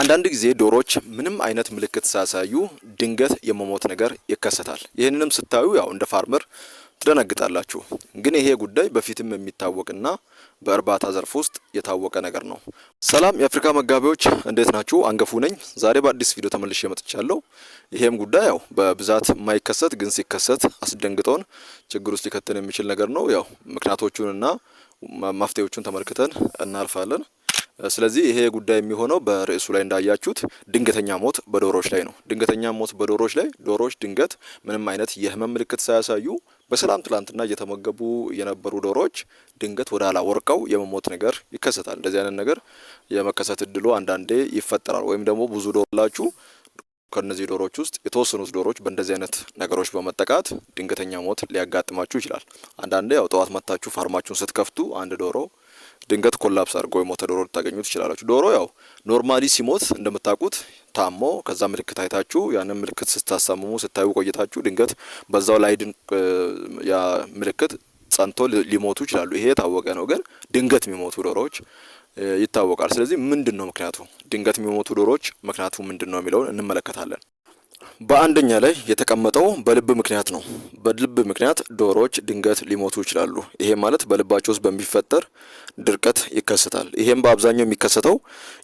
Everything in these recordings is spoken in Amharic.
አንዳንድ ጊዜ ዶሮዎች ምንም አይነት ምልክት ሳያሳዩ ድንገት የመሞት ነገር ይከሰታል። ይህንንም ስታዩ ያው እንደ ፋርመር ትደነግጣላችሁ። ግን ይሄ ጉዳይ በፊትም የሚታወቅና በእርባታ ዘርፍ ውስጥ የታወቀ ነገር ነው። ሰላም የአፍሪካ መጋቢዎች እንዴት ናችሁ? አንገፉ ነኝ። ዛሬ በአዲስ ቪዲዮ ተመልሼ መጥቻለሁ። ይሄም ጉዳይ ያው በብዛት የማይከሰት ግን ሲከሰት አስደንግጦን ችግር ውስጥ ሊከተን የሚችል ነገር ነው። ያው ምክንያቶቹንና መፍትሄዎቹን ተመልክተን እናልፋለን። ስለዚህ ይሄ ጉዳይ የሚሆነው በርዕሱ ላይ እንዳያችሁት ድንገተኛ ሞት በዶሮዎች ላይ ነው። ድንገተኛ ሞት በዶሮዎች ላይ ዶሮዎች ድንገት ምንም አይነት የህመም ምልክት ሳያሳዩ በሰላም ትላንትና እየተመገቡ የነበሩ ዶሮዎች ድንገት ወደ ኋላ ወርቀው የመሞት ነገር ይከሰታል። እንደዚህ አይነት ነገር የመከሰት እድሉ አንዳንዴ ይፈጠራል። ወይም ደግሞ ብዙ ዶሮ ላችሁ ከነዚህ ዶሮዎች ውስጥ የተወሰኑት ዶሮዎች በእንደዚህ አይነት ነገሮች በመጠቃት ድንገተኛ ሞት ሊያጋጥማችሁ ይችላል። አንዳንዴ ያው ጠዋት መታችሁ ፋርማችሁን ስትከፍቱ አንድ ዶሮ ድንገት ኮላፕስ አድርጎ የሞተ ዶሮ ልታገኙ ትችላላችሁ። ዶሮ ያው ኖርማሊ ሲሞት እንደምታውቁት ታሞ ከዛ ምልክት አይታችሁ ያንን ምልክት ስታሳምሙ ስታዩ ቆይታችሁ ድንገት በዛው ላይ ድን ያ ምልክት ጸንቶ ሊሞቱ ይችላሉ። ይሄ የታወቀ ነው። ግን ድንገት የሚሞቱ ዶሮዎች ይታወቃል። ስለዚህ ምንድን ነው ምክንያቱ? ድንገት የሚሞቱ ዶሮዎች ምክንያቱ ምንድን ነው የሚለውን እንመለከታለን። በአንደኛ ላይ የተቀመጠው በልብ ምክንያት ነው። በልብ ምክንያት ዶሮዎች ድንገት ሊሞቱ ይችላሉ። ይሄ ማለት በልባቸው ውስጥ በሚፈጠር ድርቀት ይከሰታል። ይሄም በአብዛኛው የሚከሰተው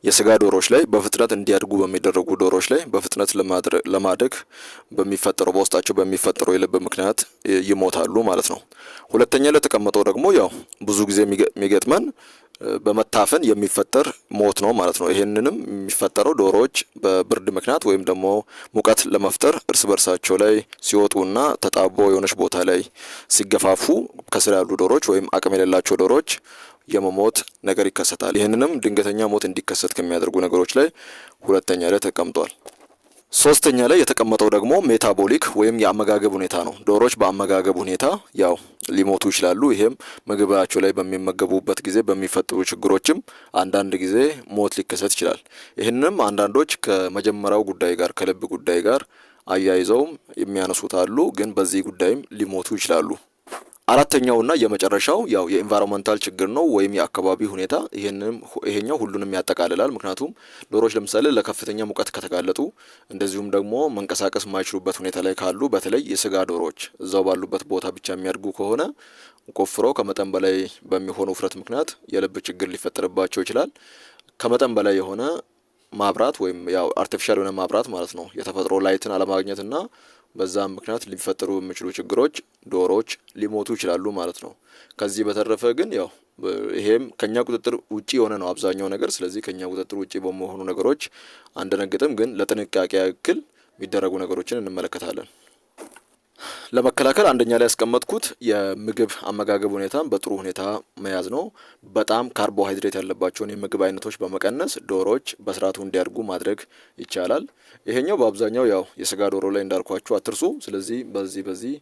የስጋ ዶሮዎች ላይ በፍጥነት እንዲያድጉ በሚደረጉ ዶሮዎች ላይ በፍጥነት ለማደግ በሚፈጠረው በውስጣቸው በሚፈጠረው የልብ ምክንያት ይሞታሉ ማለት ነው። ሁለተኛ ላይ የተቀመጠው ደግሞ ያው ብዙ ጊዜ የሚገጥመን በመታፈን የሚፈጠር ሞት ነው ማለት ነው። ይህንንም የሚፈጠረው ዶሮዎች በብርድ ምክንያት ወይም ደግሞ ሙቀት ለመፍጠር እርስ በርሳቸው ላይ ሲወጡና ተጣቦ የሆነች ቦታ ላይ ሲገፋፉ ከስር ያሉ ዶሮዎች ወይም አቅም የሌላቸው ዶሮዎች የመሞት ነገር ይከሰታል። ይህንንም ድንገተኛ ሞት እንዲከሰት ከሚያደርጉ ነገሮች ላይ ሁለተኛ ላይ ተቀምጧል። ሶስተኛ ላይ የተቀመጠው ደግሞ ሜታቦሊክ ወይም የአመጋገብ ሁኔታ ነው። ዶሮች በአመጋገብ ሁኔታ ያው ሊሞቱ ይችላሉ። ይሄም ምግባቸው ላይ በሚመገቡበት ጊዜ በሚፈጥሩ ችግሮችም አንዳንድ ጊዜ ሞት ሊከሰት ይችላል። ይህንም አንዳንዶች ከመጀመሪያው ጉዳይ ጋር ከልብ ጉዳይ ጋር አያይዘውም የሚያነሱት አሉ። ግን በዚህ ጉዳይም ሊሞቱ ይችላሉ። አራተኛውና የመጨረሻው ያው የኢንቫይሮንመንታል ችግር ነው ወይም የአካባቢ ሁኔታ። ይህንም ይሄኛው ሁሉንም ያጠቃልላል። ምክንያቱም ዶሮዎች ለምሳሌ ለከፍተኛ ሙቀት ከተጋለጡ እንደዚሁም ደግሞ መንቀሳቀስ የማይችሉበት ሁኔታ ላይ ካሉ በተለይ የስጋ ዶሮዎች እዛው ባሉበት ቦታ ብቻ የሚያድጉ ከሆነ ቆፍሮ ከመጠን በላይ በሚሆኑ ውፍረት ምክንያት የልብ ችግር ሊፈጠርባቸው ይችላል። ከመጠን በላይ የሆነ ማብራት ወይም ያው አርቲፊሻል የሆነ ማብራት ማለት ነው የተፈጥሮ ላይትን አለማግኘትና በዛም ምክንያት ሊፈጠሩ የሚችሉ ችግሮች ዶሮዎች ሊሞቱ ይችላሉ ማለት ነው። ከዚህ በተረፈ ግን ያው ይሄም ከኛ ቁጥጥር ውጪ የሆነ ነው አብዛኛው ነገር። ስለዚህ ከኛ ቁጥጥር ውጪ በመሆኑ ነገሮች አንደነግጥም፣ ግን ለጥንቃቄ ያክል የሚደረጉ ነገሮችን እንመለከታለን። ለመከላከል አንደኛ ላይ ያስቀመጥኩት የምግብ አመጋገብ ሁኔታን በጥሩ ሁኔታ መያዝ ነው። በጣም ካርቦሃይድሬት ያለባቸውን የምግብ አይነቶች በመቀነስ ዶሮዎች በስርዓቱ እንዲያድጉ ማድረግ ይቻላል። ይሄኛው በአብዛኛው ያው የስጋ ዶሮ ላይ እንዳልኳችሁ አትርሱ። ስለዚህ በዚህ በዚህ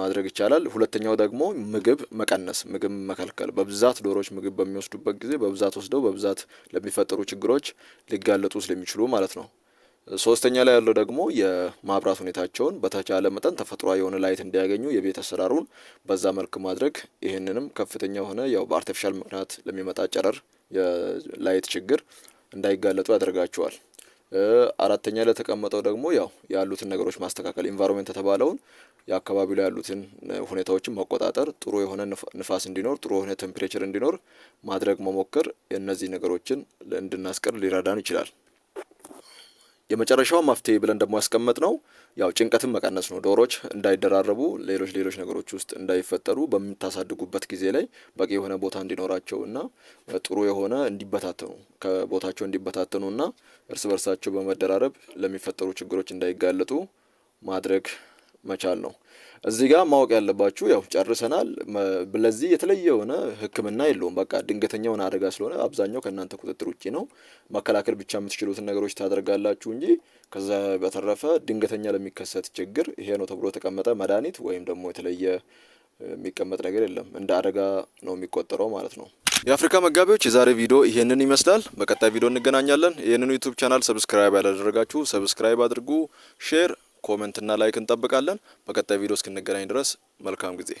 ማድረግ ይቻላል። ሁለተኛው ደግሞ ምግብ መቀነስ፣ ምግብ መከልከል። በብዛት ዶሮዎች ምግብ በሚወስዱበት ጊዜ በብዛት ወስደው በብዛት ለሚፈጠሩ ችግሮች ሊጋለጡ ስለሚችሉ ማለት ነው። ሶስተኛ ላይ ያለው ደግሞ የማብራት ሁኔታቸውን በተቻለ መጠን ተፈጥሮ የሆነ ላይት እንዲያገኙ የቤት አሰራሩን በዛ መልክ ማድረግ ይህንንም ከፍተኛ የሆነ ያው በአርቲፊሻል ምክንያት ለሚመጣ ጨረር የላይት ችግር እንዳይጋለጡ ያደርጋቸዋል። አራተኛ ላይ የተቀመጠው ደግሞ ያው ያሉትን ነገሮች ማስተካከል ኢንቫይሮንመንት የተባለውን የአካባቢው ላይ ያሉትን ሁኔታዎችን መቆጣጠር፣ ጥሩ የሆነ ንፋስ እንዲኖር፣ ጥሩ የሆነ ቴምፕሬቸር እንዲኖር ማድረግ መሞከር፣ እነዚህ ነገሮችን እንድናስቀር ሊረዳን ይችላል። የመጨረሻው መፍትሄ ብለን ደግሞ ያስቀመጥ ነው ያው ጭንቀትን መቀነስ ነው። ዶሮች እንዳይደራረቡ፣ ሌሎች ሌሎች ነገሮች ውስጥ እንዳይፈጠሩ በምታሳድጉበት ጊዜ ላይ በቂ የሆነ ቦታ እንዲኖራቸው እና ጥሩ የሆነ እንዲበታተኑ ከቦታቸው እንዲበታተኑ እና እርስ በርሳቸው በመደራረብ ለሚፈጠሩ ችግሮች እንዳይጋለጡ ማድረግ መቻል ነው። እዚህ ጋር ማወቅ ያለባችሁ ያው ጨርሰናል። ለዚህ የተለየ የሆነ ሕክምና የለውም። በቃ ድንገተኛ የሆነ አደጋ ስለሆነ አብዛኛው ከእናንተ ቁጥጥር ውጭ ነው። መከላከል ብቻ የምትችሉትን ነገሮች ታደርጋላችሁ እንጂ ከዛ በተረፈ ድንገተኛ ለሚከሰት ችግር ይሄ ነው ተብሎ የተቀመጠ መድኃኒት ወይም ደግሞ የተለየ የሚቀመጥ ነገር የለም። እንደ አደጋ ነው የሚቆጠረው ማለት ነው። የአፍሪካ መጋቢዎች የዛሬ ቪዲዮ ይሄንን ይመስላል። በቀጣይ ቪዲዮ እንገናኛለን። ይህንን ዩቱብ ቻናል ሰብስክራይብ ያላደረጋችሁ ሰብስክራይብ አድርጉ፣ ሼር ኮመንትና ላይክ እንጠብቃለን። በቀጣይ ቪዲዮ እስክንገናኝ ድረስ መልካም ጊዜ